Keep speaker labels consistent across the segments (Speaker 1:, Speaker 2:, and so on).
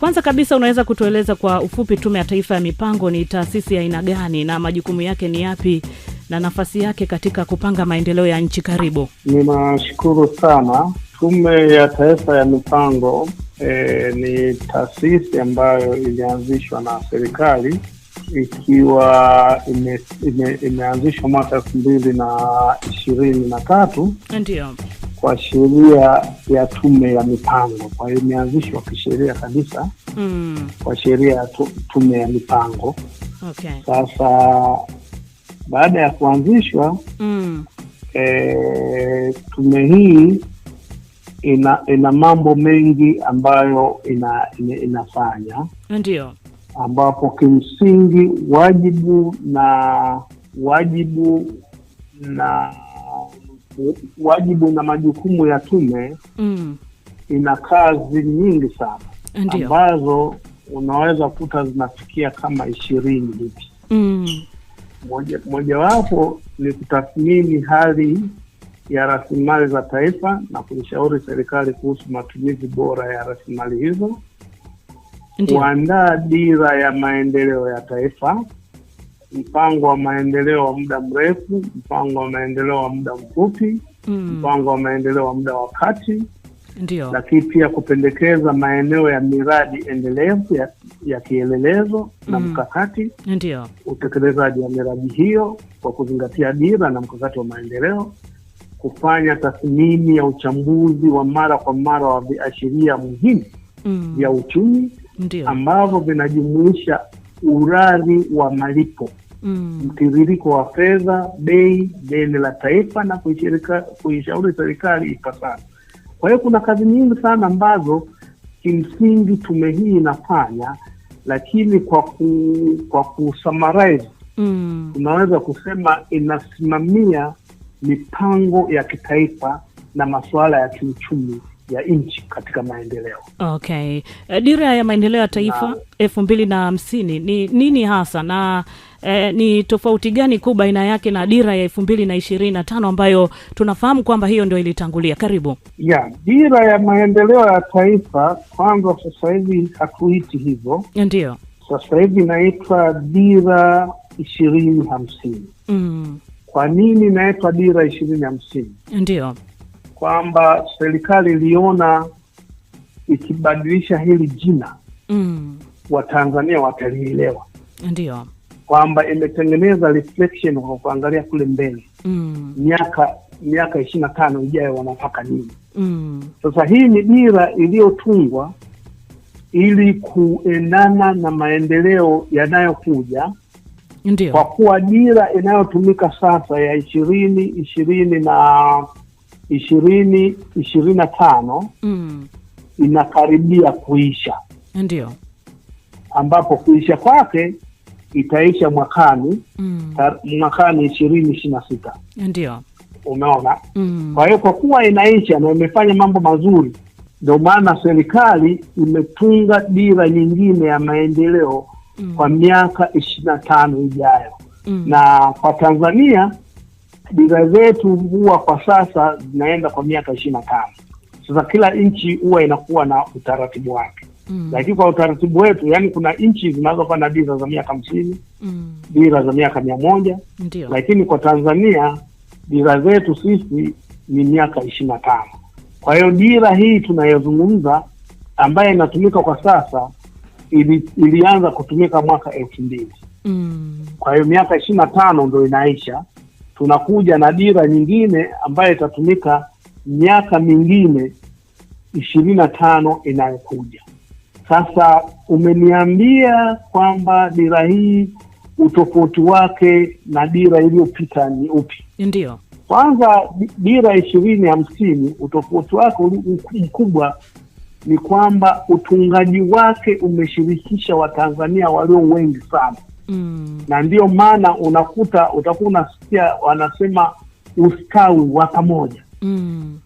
Speaker 1: Kwanza kabisa unaweza kutueleza kwa ufupi, Tume ya Taifa ya Mipango ni taasisi ya aina gani na majukumu yake ni yapi na nafasi yake katika kupanga maendeleo ya nchi? Karibu.
Speaker 2: Ninashukuru sana. Tume ya Taifa ya Mipango e, ni taasisi ambayo ilianzishwa na serikali ikiwa ime, ime, imeanzishwa mwaka elfu mbili na ishirini na tatu ndio kwa sheria ya tume ya mipango. Kwa hiyo imeanzishwa kisheria kabisa mm. kwa sheria ya tume ya mipango okay. Sasa baada ya kuanzishwa mm. e, tume hii ina ina mambo mengi ambayo ina, ina, inafanya ndio ambapo kimsingi wajibu na wajibu na wajibu na majukumu ya tume mm. ina kazi nyingi sana Ndiyo. ambazo unaweza kuta zinafikia kama ishirini hivi mm. mojawapo ni kutathmini hali ya rasilimali za taifa na kuishauri serikali kuhusu matumizi bora ya rasilimali hizo,
Speaker 1: kuandaa
Speaker 2: dira ya maendeleo ya taifa mpango wa maendeleo wa muda mrefu, mpango wa maendeleo wa muda mfupi,
Speaker 1: mm. mpango
Speaker 2: wa maendeleo wa muda wa kati, ndio, lakini pia kupendekeza maeneo ya miradi endelevu ya, ya kielelezo mm. na mkakati, ndio, utekelezaji wa miradi hiyo kwa kuzingatia dira na mkakati wa maendeleo, kufanya tathmini ya uchambuzi wa mara kwa mara wa viashiria muhimu mm. vya mm. uchumi ambavyo vinajumuisha urari wa malipo mm. mtiririko wa fedha, bei, deni la taifa na kuishauri serikali ipasavyo. Kwa hiyo kuna kazi nyingi sana ambazo kimsingi tume hii inafanya, lakini kwa ku, kwa kusummarize mm. tunaweza kusema inasimamia mipango ya kitaifa na masuala ya kiuchumi ya nchi katika maendeleo.
Speaker 1: Okay, eh, dira ya maendeleo ya taifa elfu mbili na hamsini ni nini hasa na e, ni tofauti gani kuu baina yake na dira ya elfu mbili na ishirini na tano ambayo tunafahamu kwamba hiyo ndio ilitangulia? Karibu.
Speaker 2: ya dira ya maendeleo ya taifa kwanza, sasa hivi hatuiti hivyo, ndio sasa hivi inaitwa dira ishirini hamsini. Mm. Kwa nini inaitwa dira ishirini hamsini? Ndio kwamba serikali iliona ikibadilisha hili jina mm. Watanzania watalielewa. Ndio kwamba imetengeneza reflection kwa kuangalia kule mbele mm. miaka miaka ishirini na tano ijayo wanataka nini mm. Sasa hii ni dira iliyotungwa ili kuendana na maendeleo yanayokuja. Kwa kuwa dira inayotumika sasa ya ishirini ishirini na ishirini ishirini na tano mm. inakaribia kuisha, ndio ambapo kuisha kwake itaisha mwakani mm. mwakani ishirini ishirini na sita ndio umeona mm. kwa hiyo kwa kuwa inaisha na imefanya mambo mazuri ndio maana serikali imetunga dira nyingine ya maendeleo mm. kwa miaka ishirini na tano ijayo mm. na kwa tanzania dira zetu huwa kwa sasa zinaenda kwa miaka ishirini na tano sasa kila nchi huwa inakuwa na utaratibu wake mm. Lakini kwa utaratibu wetu, yani kuna nchi zinazokuwa na dira za miaka hamsini mm. dira za miaka mia moja Lakini kwa Tanzania dira zetu sisi ni miaka ishirini na tano. Kwa hiyo dira hii tunayozungumza ambayo inatumika kwa sasa ili, ilianza kutumika mwaka elfu mbili mm. Kwa hiyo miaka ishirini na tano ndo inaisha, tunakuja na dira nyingine ambayo itatumika miaka mingine ishirini na tano inayokuja. Sasa umeniambia kwamba dira hii utofauti wake na dira iliyopita ni upi? Ndio, kwanza dira ishirini hamsini utofauti wake mkubwa ni kwamba utungaji wake umeshirikisha Watanzania walio wengi sana mm. na ndiyo maana unakuta utakuwa unasikia wanasema ustawi wa pamoja mm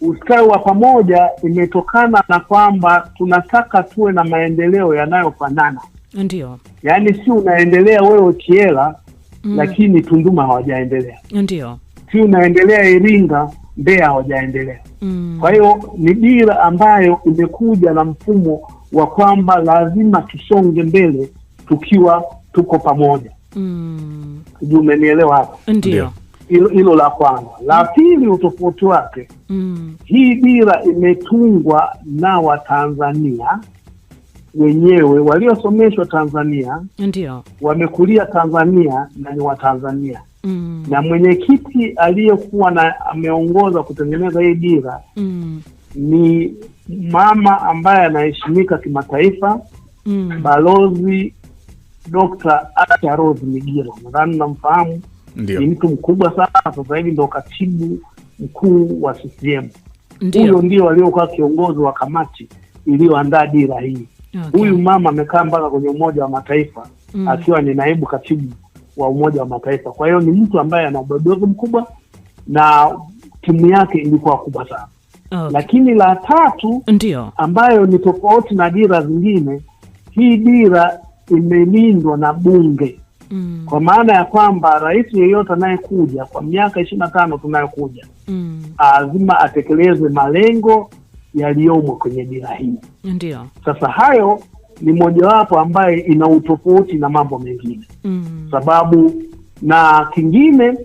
Speaker 2: ustawi wa pamoja imetokana na kwamba tunataka tuwe na maendeleo yanayofanana. Ndio, yaani si unaendelea wewe ukiela mm. lakini Tunduma hawajaendelea. Ndio, si unaendelea Iringa, Mbeya hawajaendelea mm. kwa hiyo ni dira ambayo imekuja na mfumo wa kwamba lazima tusonge mbele tukiwa tuko pamoja.
Speaker 1: Mm.
Speaker 2: Umenielewa hapo? Ndio. Hilo la kwanza. La mm. pili, utofauti wake mm. hii dira imetungwa na Watanzania wenyewe waliosomeshwa Tanzania, ndio wamekulia Tanzania na ni Watanzania mm. na mwenyekiti aliyekuwa na ameongoza kutengeneza hii dira mm. ni mama ambaye anaheshimika kimataifa mm. Balozi Dr. Asha Rose Migiro, nadhani namfahamu ni mtu mkubwa sana sasa hivi ndo katibu mkuu wa CCM. Huyo ndio aliyokuwa kiongozi wa kamati iliyoandaa dira hii. Okay. Huyu mama amekaa mpaka kwenye Umoja wa Mataifa mm. akiwa ni naibu katibu wa Umoja wa Mataifa. Kwa hiyo ni mtu ambaye ana ubobezi mkubwa na timu yake ilikuwa kubwa sana.
Speaker 1: Okay. Lakini
Speaker 2: la tatu ndio ambayo ni tofauti na dira zingine, hii dira imelindwa na bunge mm. kwa maana ya kwamba rais yeyote anayekuja kwa miaka ishirini na tano tunayokuja mm. lazima mm. atekeleze malengo yaliyomo kwenye dira hii. Ndio sasa hayo ni mojawapo ambaye ina utofauti na mambo mengine mm. sababu na kingine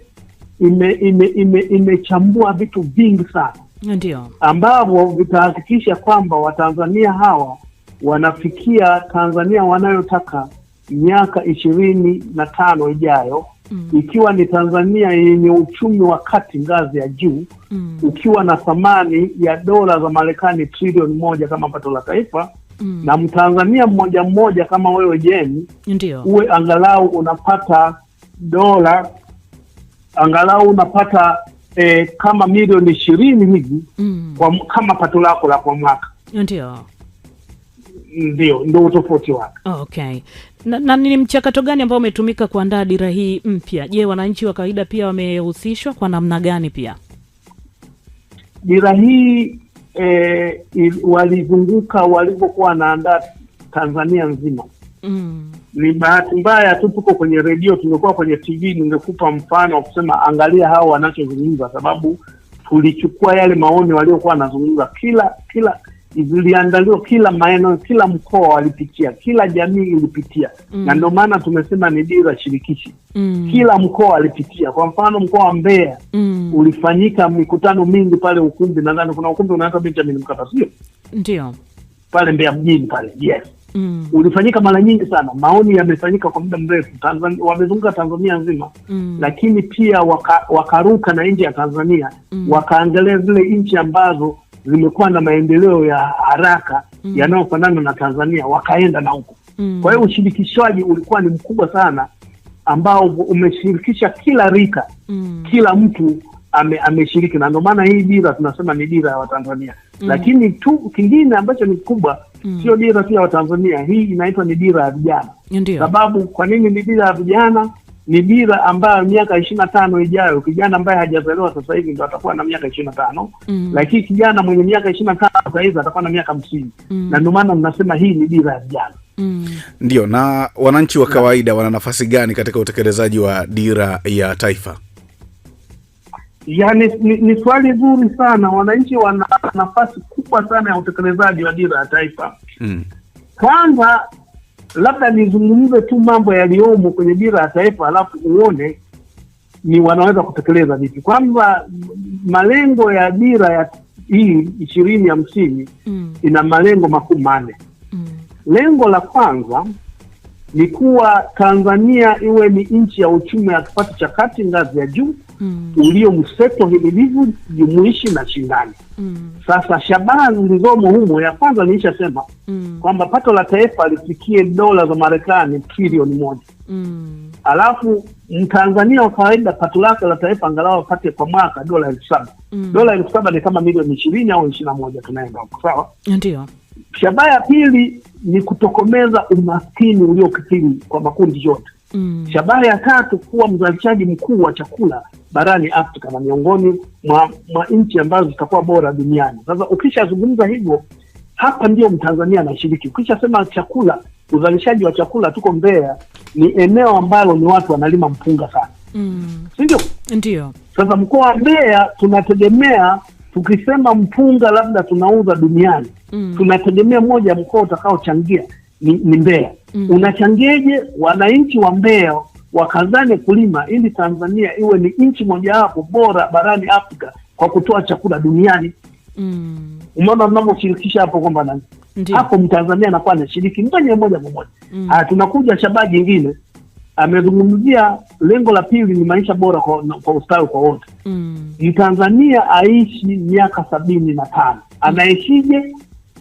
Speaker 2: imechambua ime, ime, ime vitu vingi sana ndio ambavyo vitahakikisha kwamba Watanzania hawa wanafikia Tanzania wanayotaka miaka ishirini na tano ijayo
Speaker 1: mm. ikiwa
Speaker 2: ni Tanzania yenye uchumi wa kati ngazi ya juu mm. ukiwa na thamani ya dola za Marekani trilioni moja kama pato la taifa mm. na Mtanzania mmoja mmoja kama wewe Jeni, uwe angalau unapata dola angalau unapata eh, kama milioni ishirini hivi mm. kama pato lako la kwa mwaka ndio ndio ndo utofauti wake.
Speaker 1: Okay, na, na ni mchakato gani ambao umetumika kuandaa dira hii mpya? Je, wananchi wa kawaida pia wamehusishwa kwa namna gani? Pia
Speaker 2: dira hii e, walizunguka walivyokuwa wanaandaa Tanzania nzima mm. Ni bahati mbaya tu tuko kwenye redio, tungekuwa kwenye TV ningekupa mfano wa kusema angalia hao wanachozungumza, sababu tulichukua yale maoni waliokuwa wanazungumza kila kila ziliandaliwa kila maeneo, kila mkoa walipitia, kila jamii ilipitia mm. na ndio maana tumesema ni dira shirikishi mm. kila mkoa alipitia. Kwa mfano mkoa wa Mbeya mm. ulifanyika mikutano mingi pale ukumbi, nadhani kuna ukumbi unaitwa Benjamin Mkapa, sio ndio? pale Mbeya mjini pale, yes mm. ulifanyika mara nyingi sana. Maoni yamefanyika kwa muda mrefu Tanzania, wamezunguka Tanzania nzima
Speaker 1: mm. lakini
Speaker 2: pia waka, wakaruka na nje ya Tanzania
Speaker 1: mm. wakaangalia
Speaker 2: zile nchi ambazo zimekuwa na maendeleo ya haraka mm. yanayofanana na Tanzania wakaenda na huko mm. kwa hiyo ushirikishwaji ulikuwa ni mkubwa sana ambao umeshirikisha kila rika
Speaker 1: mm. kila
Speaker 2: mtu ame, ameshiriki na ndio maana hii dira tunasema ni dira ya Watanzania mm. lakini tu kingine ambacho ni kubwa mm. sio dira tu ya Watanzania, hii inaitwa ni dira ya vijana. sababu kwa nini ni dira ya vijana, ni dira ambayo miaka ishiri na tano ijayo kijana ambaye hajazaliwa sasa hivi ndo atakuwa na miaka ishiri na tano mm. lakini kijana mwenye miaka ishirini na tano sahizi atakuwa na miaka hamsini
Speaker 1: mm. na ndio maana
Speaker 2: mnasema hii ni dira ya vijana.
Speaker 1: Mm.
Speaker 3: Ndio. Na wananchi wa kawaida wana nafasi gani katika utekelezaji wa dira ya taifa?
Speaker 2: Yani ni, ni swali zuri sana. Wananchi wana nafasi kubwa sana ya utekelezaji wa dira ya taifa. Mm. Kwanza labda nizungumze tu mambo yaliyomo kwenye dira ya taifa, alafu uone ni wanaweza kutekeleza vipi. Kwanza malengo ya dira ya hii ishirini hamsini mm. ina malengo makuu manne. Mm. Lengo la kwanza ni kuwa Tanzania iwe ni nchi ya uchumi ya kipato cha kati ngazi ya juu mm. ulio mseto himilivu jumuishi na shindani mm. Sasa shabaha zilizomo humo, ya kwanza nilishasema mm. kwamba pato la taifa lifikie dola za Marekani trilioni moja mm. alafu Mtanzania wa kawaida pato lake la taifa angalau apate kwa mwaka dola elfu saba mm. dola elfu saba ni kama milioni ishirini au ishirini na moja tunaenda huko, sawa? Ndio. Shabaha ya pili ni kutokomeza umaskini uliokithiri kwa makundi yote Mm. Shabaha ya tatu kuwa mzalishaji mkuu wa chakula barani Afrika na miongoni mwa, mwa nchi ambazo zitakuwa bora duniani. Sasa ukishazungumza hivyo, hapa ndio Mtanzania anashiriki. Ukishasema chakula, uzalishaji wa chakula, tuko Mbeya, ni eneo ambalo ni watu wanalima mpunga sana, mm. sindio ndio? Sasa mkoa wa Mbeya tunategemea tukisema mpunga labda tunauza duniani, mm. tunategemea moja ya mkoa utakaochangia ni, ni mbea mm. unachangeje wananchi wa mbeo wakazane kulima ili Tanzania iwe ni nchi mojawapo bora barani Afrika kwa kutoa chakula duniani?
Speaker 1: Mm.
Speaker 2: Umeona mnavyoshirikisha hapo kwamba nani hapo Mtanzania anakuwa anashiriki moja moja kwa moja. Mm. Tunakuja shabaha jingine amezungumzia lengo la pili ni maisha bora kwa, kwa ustawi kwa wote. Mm. Mtanzania aishi miaka sabini na tano anaishije?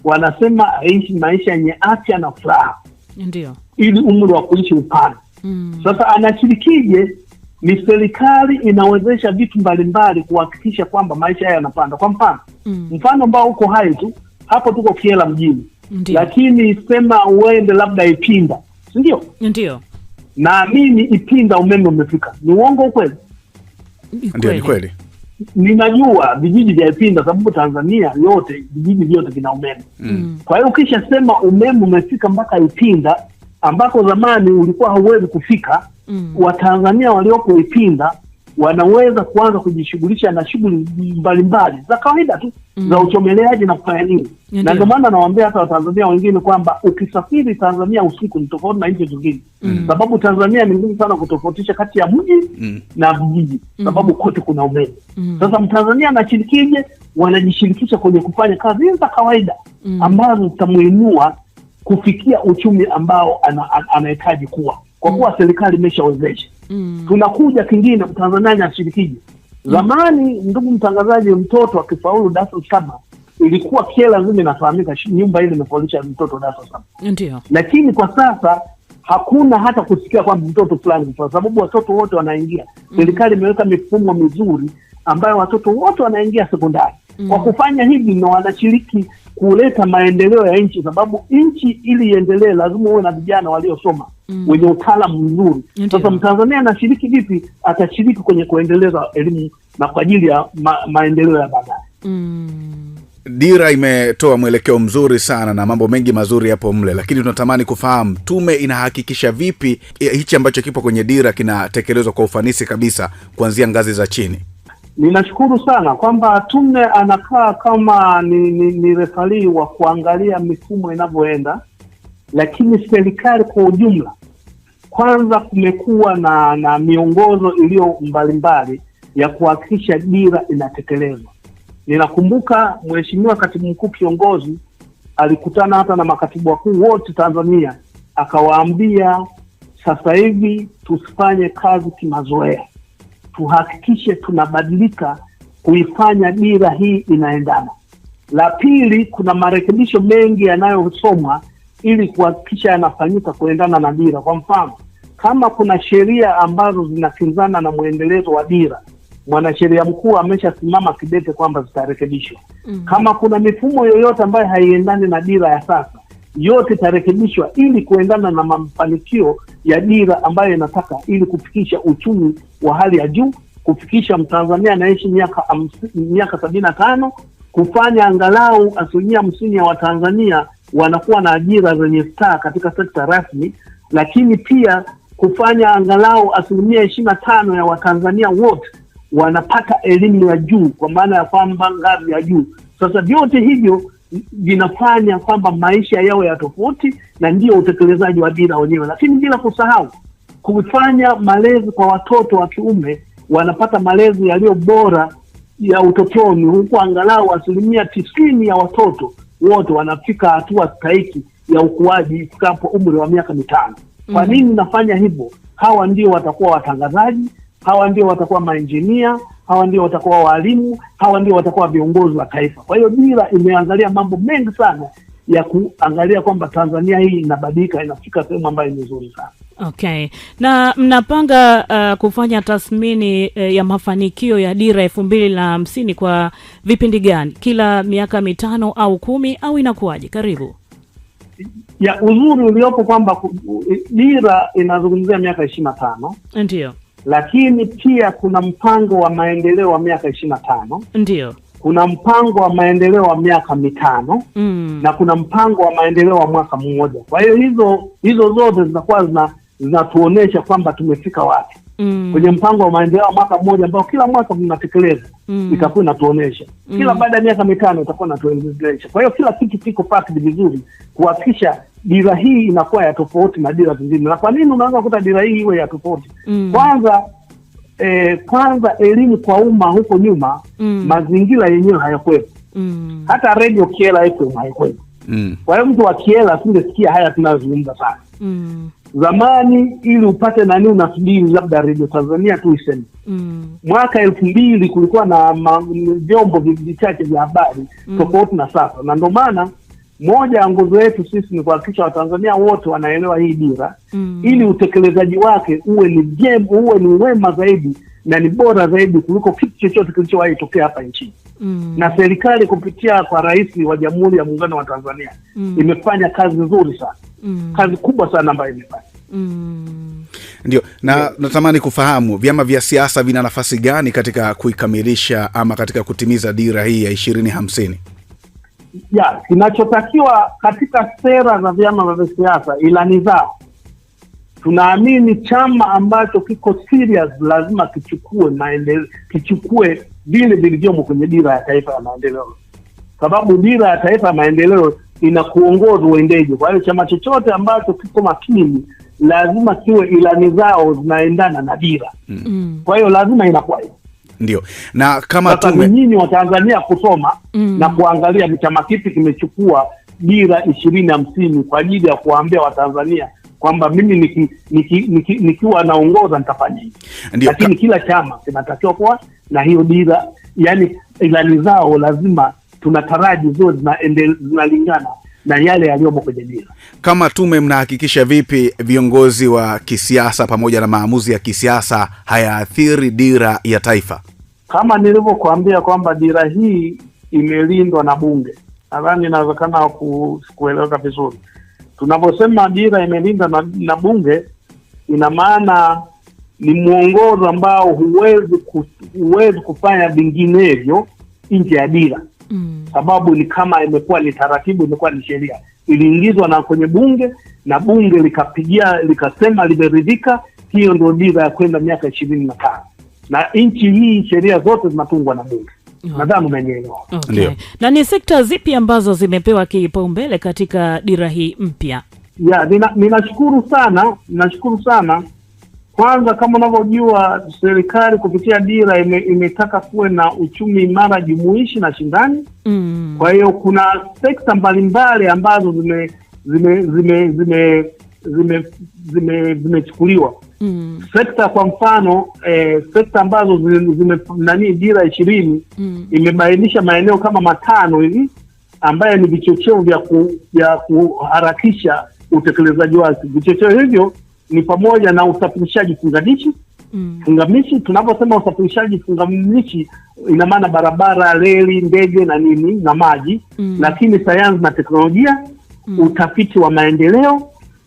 Speaker 2: Wanasema aishi maisha yenye afya na furaha ndio ili umri wa kuishi upana mm. Sasa anashirikije? Ni serikali inawezesha vitu mbalimbali kuhakikisha kwamba maisha haya yanapanda. Kwa mfano mm. mfano ambao uko hai tu hapo, tuko Kiela mjini Ndiyo. Lakini sema uende labda Ipinda, sindio Ndio naamini Ipinda umeme umefika, ni uongo ukweli? Ndio, ni kweli ninajua vijiji vya Ipinda sababu Tanzania yote vijiji vyote vina umeme mm. Kwa hiyo ukishasema umeme umefika mpaka Ipinda ambako zamani ulikuwa hauwezi kufika mm. Watanzania waliopo Ipinda wanaweza kuanza kujishughulisha na shughuli mbalimbali za kawaida tu mm. za uchomeleaji na kufanya nini, na ndio maana nawaambia hata Watanzania wengine kwamba ukisafiri Tanzania usiku ni tofauti na nchi zingine mm. sababu Tanzania ni ngumu sana kutofautisha kati ya mji mm. na vijiji, mm. sababu kote kuna umeme mm. Sasa Mtanzania anashirikije? Wanajishirikisha kwenye kufanya kazi za kawaida
Speaker 1: mm. ambazo
Speaker 2: zitamuinua kufikia uchumi ambao anahitaji ana, ana kuwa kwa mm. kuwa mm. serikali imeshawezesha mm. tunakuja kingine, mtanzania ashirikije. Mm. Zamani mm. ndugu mtangazaji, mtoto akifaulu daso saba ilikuwa kile lazima inafahamika nyumba ile imefaulisha mtoto daso saba, ndio. Lakini kwa sasa hakuna hata kusikia kwamba mtoto fulani, kwa sababu watoto wote wanaingia. Mm. Serikali mm. imeweka mifumo mizuri ambayo watoto wote wanaingia sekondari
Speaker 1: mm. kwa kufanya
Speaker 2: hivi na wanashiriki kuleta maendeleo ya nchi, sababu nchi ili iendelee lazima uwe na vijana waliosoma mm. wenye utaalamu mzuri.
Speaker 1: Sasa Mtanzania
Speaker 2: anashiriki vipi? Atashiriki kwenye kuendeleza elimu na kwa ajili ya ma, maendeleo ya baadaye
Speaker 1: mm.
Speaker 3: Dira imetoa mwelekeo mzuri sana na mambo mengi mazuri yapo mle, lakini tunatamani kufahamu tume inahakikisha vipi eh, hichi ambacho kipo kwenye dira kinatekelezwa kwa ufanisi kabisa kuanzia ngazi za chini.
Speaker 2: Ninashukuru sana kwamba tume anakaa kama ni, ni, ni refarii wa kuangalia mifumo inavyoenda, lakini serikali kwa ujumla kwanza kumekuwa na, na miongozo iliyo mbalimbali ya kuhakikisha dira inatekelezwa. Ninakumbuka Mheshimiwa Katibu Mkuu kiongozi alikutana hata na makatibu wakuu wote Tanzania, akawaambia sasa hivi tusifanye kazi kimazoea, tuhakikishe tunabadilika kuifanya dira hii inaendana. La pili, kuna marekebisho mengi yanayosomwa ili kuhakikisha yanafanyika kuendana na dira. Kwa mfano, kama kuna sheria ambazo zinakinzana na mwendelezo wa dira, mwanasheria mkuu ameshasimama kidete kwamba zitarekebishwa. mm -hmm. Kama kuna mifumo yoyote ambayo haiendani na dira ya sasa, yote itarekebishwa ili kuendana na mafanikio ya dira ambayo inataka, ili kufikisha uchumi wa hali ya juu, kufikisha Mtanzania anaishi miaka miaka sabini na tano, kufanya angalau asilimia hamsini ya Watanzania wanakuwa na ajira zenye staa katika sekta rasmi, lakini pia kufanya angalau asilimia ishirini na tano ya Watanzania wote wanapata elimu ya juu, kwa maana ya kwamba ngazi ya juu. Sasa vyote hivyo vinafanya kwamba maisha yao ya tofauti, na ndio utekelezaji wa dira wenyewe, lakini bila kusahau kufanya malezi kwa watoto wa kiume, wanapata malezi yaliyo bora ya utotoni, huku angalau asilimia tisini ya watoto wote wanafika hatua stahiki ya ukuaji ifikapo umri wa miaka mitano. Kwa mhm. nini nafanya hivyo? Hawa ndio watakuwa watangazaji, hawa ndio watakuwa mainjinia, hawa ndio watakuwa waalimu hawa ndio watakuwa viongozi wa taifa. Kwa hiyo dira imeangalia mambo mengi sana ya kuangalia kwamba Tanzania hii inabadilika, inafika sehemu ambayo ni nzuri sana.
Speaker 1: Okay. Na mnapanga uh, kufanya tathmini uh, ya mafanikio ya dira elfu mbili na hamsini kwa vipindi gani? Kila miaka mitano au kumi au inakuwaje? Karibu
Speaker 2: ya uzuri uliopo kwamba dira inazungumzia miaka ishirini na tano ndio, lakini pia kuna mpango wa maendeleo wa miaka ishirini na tano ndio kuna mpango wa maendeleo wa miaka mitano mm. na kuna mpango wa maendeleo wa mwaka mmoja. Kwa hiyo hizo hizo zote zinakuwa zinatuonyesha kwamba tumefika wapi mm. kwenye mpango wa maendeleo wa mwaka mmoja ambao kila mwaka tunatekeleza mm. itakuwa inatuonesha mm. kila mm. baada ya miaka mitano itakuwa inatuonesha. Kwa hiyo kila kitu kiko pakiti vizuri kuhakikisha dira hii inakuwa ya tofauti na dira zingine. Na kwa nini unaweza kukuta dira hii iwe ya tofauti?
Speaker 1: mm. Kwanza
Speaker 2: eh, kwanza elimu kwa umma huko nyuma mm. mazingira yenyewe hayakuwepo mm. hata redio Kiela FM haikuwepo mm. kwa hiyo mtu wa Kiela asingesikia haya tunayozungumza sana mm. Zamani ili upate nani unasubiri labda redio Tanzania tu iseme mm. Mwaka elfu mbili kulikuwa na vyombo vichache vya habari mm. tofauti na sasa, na ndio maana moja ya nguzo yetu sisi ni kuhakikisha Watanzania wote wanaelewa hii dira mm. ili utekelezaji wake uwe ni jema, uwe ni wema zaidi na ni bora zaidi kuliko kitu chochote kilichowahi tokea hapa nchini. Mm. Na serikali kupitia kwa Rais wa Jamhuri ya Muungano wa Tanzania
Speaker 1: mm. imefanya
Speaker 2: kazi nzuri sana mm. kazi kubwa sana ambayo imefanya
Speaker 1: mm.
Speaker 3: Ndio, na yeah. Natamani kufahamu vyama vya siasa vina nafasi gani katika kuikamilisha ama katika kutimiza dira hii ya ishirini hamsini?
Speaker 2: Ya, kinachotakiwa katika sera za vyama vya siasa, ilani zao tunaamini chama ambacho kiko serious lazima kichukue maendeleo, kichukue vile vilivyomo kwenye dira ya taifa ya maendeleo, sababu dira ya taifa ya maendeleo ina kuongoza uendeji. Kwa hiyo chama chochote ambacho kiko makini lazima kiwe ilani zao zinaendana na dira mm. Kwa hiyo lazima inakuwa hivyo
Speaker 3: ndio, na kama tume
Speaker 2: nyinyi wa Tanzania kusoma mm. na kuangalia chama kipi kimechukua dira ishirini hamsini kwa ajili ya kuwaambia Watanzania kwamba mimi nikiwa niki, niki, niki naongoza nitafanya hivi, lakini kila chama kinatakiwa kuwa na hiyo dira, yani ilani zao lazima tunataraji zote zinalingana na yale yaliyomo kwenye dira.
Speaker 3: Kama tume, mnahakikisha vipi viongozi wa kisiasa pamoja na maamuzi ya kisiasa hayaathiri dira ya taifa?
Speaker 2: Kama nilivyokuambia kwamba dira hii imelindwa na Bunge, nadhani inawezekana kueleweka vizuri tunavyosema dira imelinda na, na bunge ina maana ni mwongozo ambao huwezi ku, huwezi kufanya vinginevyo nje ya dira mm. Sababu ni kama imekuwa ni taratibu, imekuwa ni sheria, iliingizwa na kwenye bunge na bunge likapigia likasema limeridhika, hiyo ndio dira ya kwenda miaka ishirini na tano, na nchi hii sheria zote zinatungwa na bunge nadhani umenielewa.
Speaker 1: Okay. Na ni sekta zipi ambazo zimepewa kipaumbele katika dira hii mpya?
Speaker 2: Ya, ninashukuru sana, ninashukuru sana kwanza, kama unavyojua serikali kupitia dira ime, imetaka kuwe na uchumi imara jumuishi na shindani mm. Kwa hiyo kuna sekta mbalimbali ambazo zime zimechukuliwa zime, zime, zime, zime, zime mm. sekta kwa mfano eh, sekta ambazo zime, zime dira ishirini mm. imebainisha maeneo kama matano hivi ambayo ni vichocheo vya ku, vya kuharakisha utekelezaji wake. Vichocheo hivyo ni pamoja na usafirishaji funganishi mm. fungamishi. tunavyosema usafirishaji fungamishi, ina maana barabara, reli, ndege na nini na maji mm. lakini sayansi na teknolojia mm. utafiti wa maendeleo,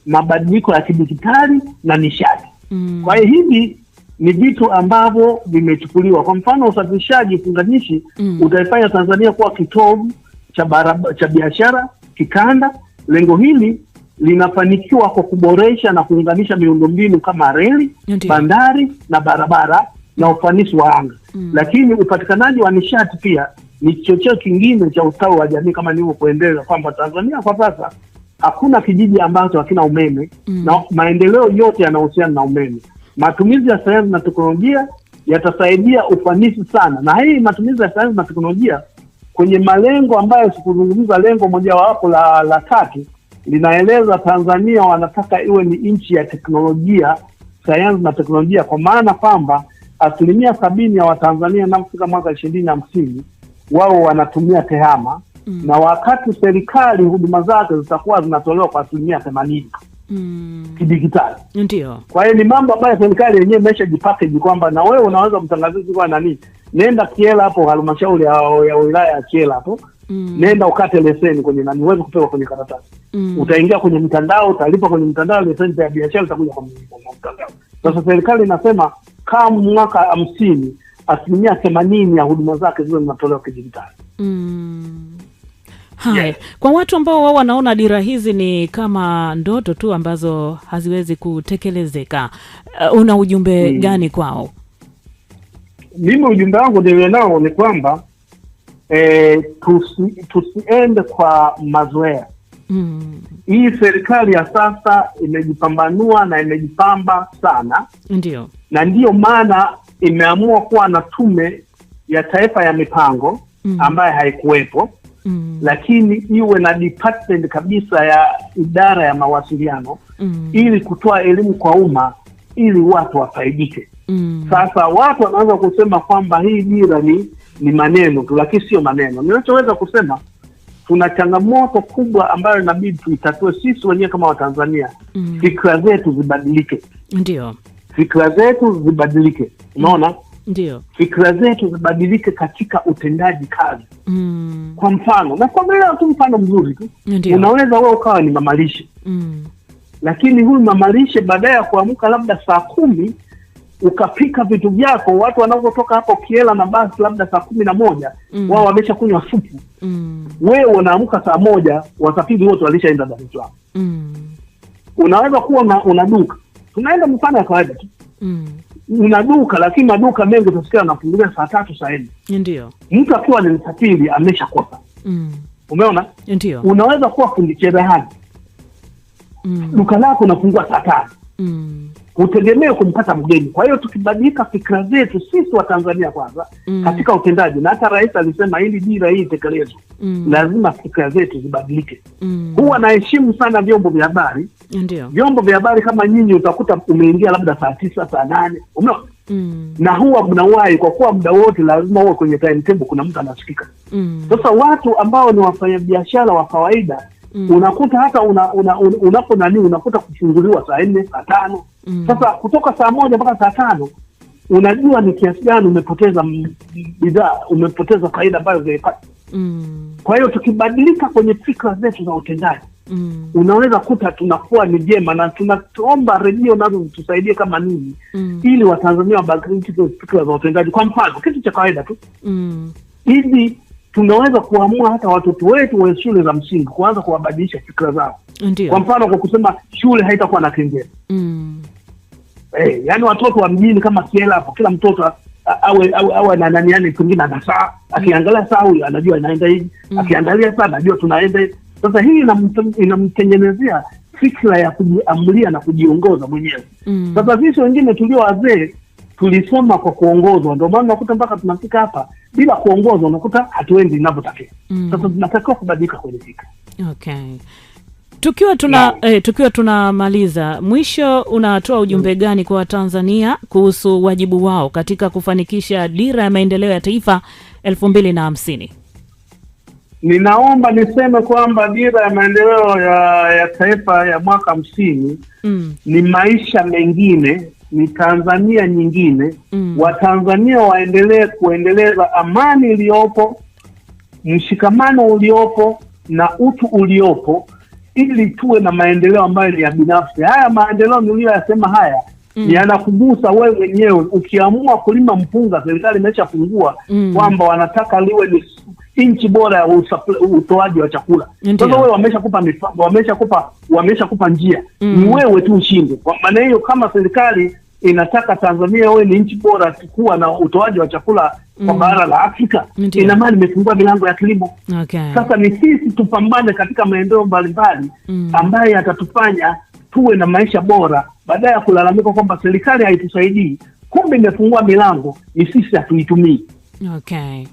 Speaker 2: mabadiliko ya kidijitali na nishati. Mm. Kwa hiyo hivi ni vitu ambavyo vimechukuliwa. Kwa mfano usafirishaji funganishi
Speaker 1: mm. utaifanya
Speaker 2: Tanzania kuwa kitovu cha baraba, cha biashara kikanda. Lengo hili linafanikiwa kwa kuboresha na kuunganisha miundombinu kama reli,
Speaker 1: bandari
Speaker 2: na barabara na ufanisi wa anga
Speaker 1: mm. Lakini
Speaker 2: upatikanaji wa nishati pia ni kichocheo kingine cha ustawi wa jamii, kama nilivyokuendeleza kwamba Tanzania kwa sasa hakuna kijiji ambacho hakina umeme mm. na maendeleo yote yanahusiana na umeme. Matumizi ya sayansi na teknolojia yatasaidia ufanisi sana, na hii matumizi ya sayansi na teknolojia kwenye malengo ambayo sikuzungumza, lengo mojawapo la, la tatu linaeleza Tanzania wanataka iwe ni nchi ya teknolojia, sayansi na teknolojia, kwa maana kwamba asilimia sabini ya Watanzania nafika mwaka ishirini hamsini wao wanatumia tehama mm. na wakati serikali huduma zake zitakuwa zinatolewa kwa asilimia themanini mm. kidigitali. Ndio, kwa hiyo ni mambo ambayo serikali yenyewe imesha jipakeji kwamba na wewe unaweza mtangazaji kwa nani, nenda Kiela hapo halmashauri ya wilaya ya Kiela hapo Mm. Nenda ukate leseni kwenye nani, uweze kupewa kwenye karatasi
Speaker 1: mm. Utaingia
Speaker 2: kwenye mtandao, utalipa kwenye mtandao, leseni ya biashara itakuja kwa mtandao. Sasa serikali inasema kama mwaka hamsini asilimia themanini ya huduma zake ziwe zinatolewa kidigitali
Speaker 1: mm. Hai. Yes. Kwa watu ambao wao wanaona dira hizi ni kama ndoto tu ambazo haziwezi kutekelezeka, uh, una ujumbe mm. gani kwao?
Speaker 2: Mimi ujumbe wangu nilio nao ni kwamba e, tusi, tusiende kwa mazoea mm. Hii serikali ya sasa imejipambanua na imejipamba sana, ndio na ndiyo maana imeamua kuwa na tume ya taifa ya mipango mm, ambaye haikuwepo mm. lakini iwe na department kabisa ya idara ya mawasiliano
Speaker 1: mm. ili
Speaker 2: kutoa elimu kwa umma ili watu wafaidike. mm. Sasa watu wanaweza kusema kwamba hii dira ni ni maneno tu, lakini sio maneno. Ninachoweza kusema tuna changamoto kubwa ambayo inabidi tuitatue sisi wenyewe kama Watanzania.
Speaker 1: mm. Fikra
Speaker 2: zetu zibadilike, ndio fikra zetu zibadilike, unaona mm ndio fikra zetu zibadilike katika utendaji kazi
Speaker 1: mm.
Speaker 2: kwa mfano nakuangalia tu mfano mzuri tu unaweza wewe ukawa ni mamalishe mm. lakini huyu mamalishe baadaye ya kuamka labda saa kumi ukapika vitu vyako watu wanavyotoka hapo kiela na basi labda saa kumi na moja mm. wao wamesha kunywa supu mm. wewe unaamka saa moja wasafiri wote walishaenda dar es mm. unaweza kuwa una, una duka tunaenda mfano ya kawaida tu mm una duka lakini maduka mengi utasikia anafungulia saa tatu saa Ndio mtu akiwa ni msafiri ameshakosa. mm. Umeona, ndio unaweza kuwa fundi cherehani mm. duka lako unafungua saa tatu mm hutegemee kumpata mgeni. Kwa hiyo tukibadilika fikira zetu sisi wa Tanzania kwanza mm. katika utendaji, na hata Rais alisema hili dira hii itekelezwe
Speaker 1: mm. lazima
Speaker 2: fikra zetu zibadilike mm. huwa naheshimu sana vyombo vya habari. vyombo vya habari kama nyinyi utakuta umeingia labda saa tisa saa nane umeona Mm. na huwa mnawahi kwa kuwa muda wote lazima huwe kwenye timetable kuna mtu anasikika. Mm. Sasa mm. watu ambao ni wafanyabiashara wa kawaida
Speaker 1: mm. unakuta
Speaker 2: hata una, una, unapo nani unakuta kuchunguliwa saa nne saa tano mm. Sasa kutoka saa moja mpaka saa tano unajua ni kiasi gani umepoteza bidhaa, umepoteza faida ambayo umeipata. mm. Kwa hiyo tukibadilika kwenye fikra zetu za utendaji mm. unaweza kuta tunakuwa ni jema, na tunaomba redio nazo zitusaidie kama nini mm. ili Watanzania wabadilike fikra za utendaji. Kwa mfano kitu cha kawaida tu mm. ili tunaweza kuamua hata watoto wetu wa shule za msingi kuanza kuwabadilisha fikra zao. Ndiyo. Kwa mfano kwa kusema shule haitakuwa na kengele mm. Hey, eh, yani watoto wa mjini kama Kiela hapo, kila mtoto awe awe na nani, yani pengine ana saa, akiangalia saa huyu anajua inaenda hivi mm. Akiangalia saa anajua tunaenda hivi. Sasa hii inamtengenezea fikra ya kujiamulia na kujiongoza mwenyewe mm. Sasa sisi wengine tulio wazee tulisoma kwa kuongozwa, ndio maana unakuta mpaka tunafika hapa bila kuongozwa unakuta hatuendi inavyotakiwa. Mm. Sasa tunatakiwa kubadilika kwenye fikra.
Speaker 1: Okay. Tukiwa tuna eh, tukiwa tunamaliza, mwisho unatoa ujumbe mm. gani kwa Watanzania kuhusu wajibu wao katika kufanikisha dira ya maendeleo ya taifa elfu mbili na hamsini?
Speaker 2: Ninaomba niseme kwamba dira ya maendeleo ya, ya taifa ya mwaka hamsini mm. ni maisha mengine ni Tanzania nyingine mm. Watanzania waendelee kuendeleza amani iliyopo, mshikamano uliopo na utu uliopo, ili tuwe na maendeleo ambayo ni ya binafsi. Haya maendeleo niliyoyasema haya mm. yanakugusa wewe mwenyewe. Ukiamua kulima mpunga, serikali imeshafungua mm. kwamba wanataka liwe ni nchi bora ya utoaji wa chakula. Sasa wewe wameshakupa mipango, wameshakupa wameshakupa njia mm. ni wewe tu ushinde. Kwa maana hiyo, kama serikali inataka Tanzania wewe ni nchi bora kuwa na utoaji wa chakula kwa mm. bara la Afrika, ina maana imefungua milango ya kilimo. Okay. Sasa ni sisi tupambane katika maendeleo mbalimbali
Speaker 1: mm. ambayo
Speaker 2: yatatufanya tuwe na maisha bora, baadaye ya kulalamika kwamba serikali haitusaidii, kumbe imefungua milango, ni sisi hatuitumii. Okay.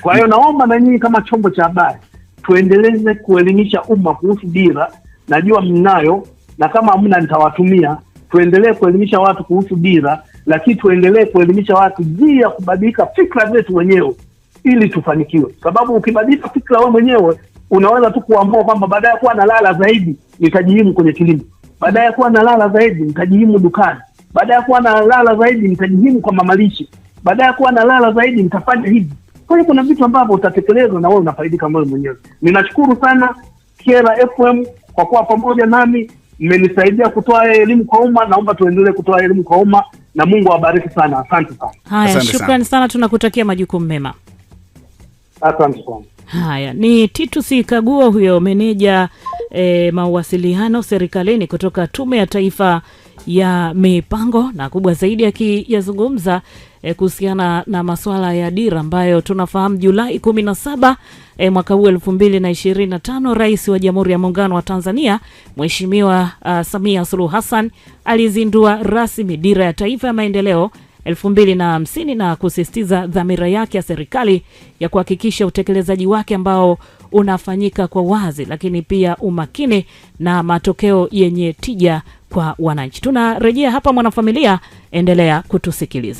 Speaker 2: Kwa hiyo naomba na nyinyi kama chombo cha habari tuendeleze kuelimisha umma kuhusu dira. Najua mnayo na kama hamna nitawatumia. Tuendelee kuelimisha watu kuhusu dira, lakini tuendelee kuelimisha watu juu ya kubadilika fikra zetu wenyewe ili tufanikiwe, sababu ukibadilika fikra wewe mwenyewe unaweza tu kuambua kwamba baadaye kuwa nalala zaidi nitajiimu kwenye kilimo baada ya kuwa nalala zaidi nitajihimu dukani, baada ya kuwa nalala zaidi nitajihimu kwa mamalishi, baada ya kuwa nalala zaidi nitafanya hivi. Kwa hiyo kuna vitu ambavyo utatekelezwa na wewe unafaidika mwewe mwenyewe. Ninashukuru sana kera FM kwa kuwa pamoja nami, mmenisaidia kutoa elimu kwa umma. Naomba tuendelee kutoa elimu kwa umma na Mungu awabariki sana. Asante sana. Haya, shukrani sana, tunakutakia majukumu mema. Asante sana. Haya, ni titusi kagua huyo meneja e, mawasiliano serikalini kutoka Tume ya Taifa ya Mipango, na kubwa zaidi akiyazungumza e, kuhusiana na masuala ya dira ambayo tunafahamu Julai 17 e, mwaka huu 225 Rais wa Jamhuri ya Muungano wa Tanzania Mheshimiwa uh, Samia Suluhu Hassan alizindua rasmi dira ya taifa ya maendeleo 2050 na, na kusisitiza dhamira yake ya serikali ya kuhakikisha utekelezaji wake ambao unafanyika kwa wazi, lakini pia umakini na matokeo yenye tija kwa wananchi. Tunarejea hapa Mwanafamilia, endelea kutusikiliza.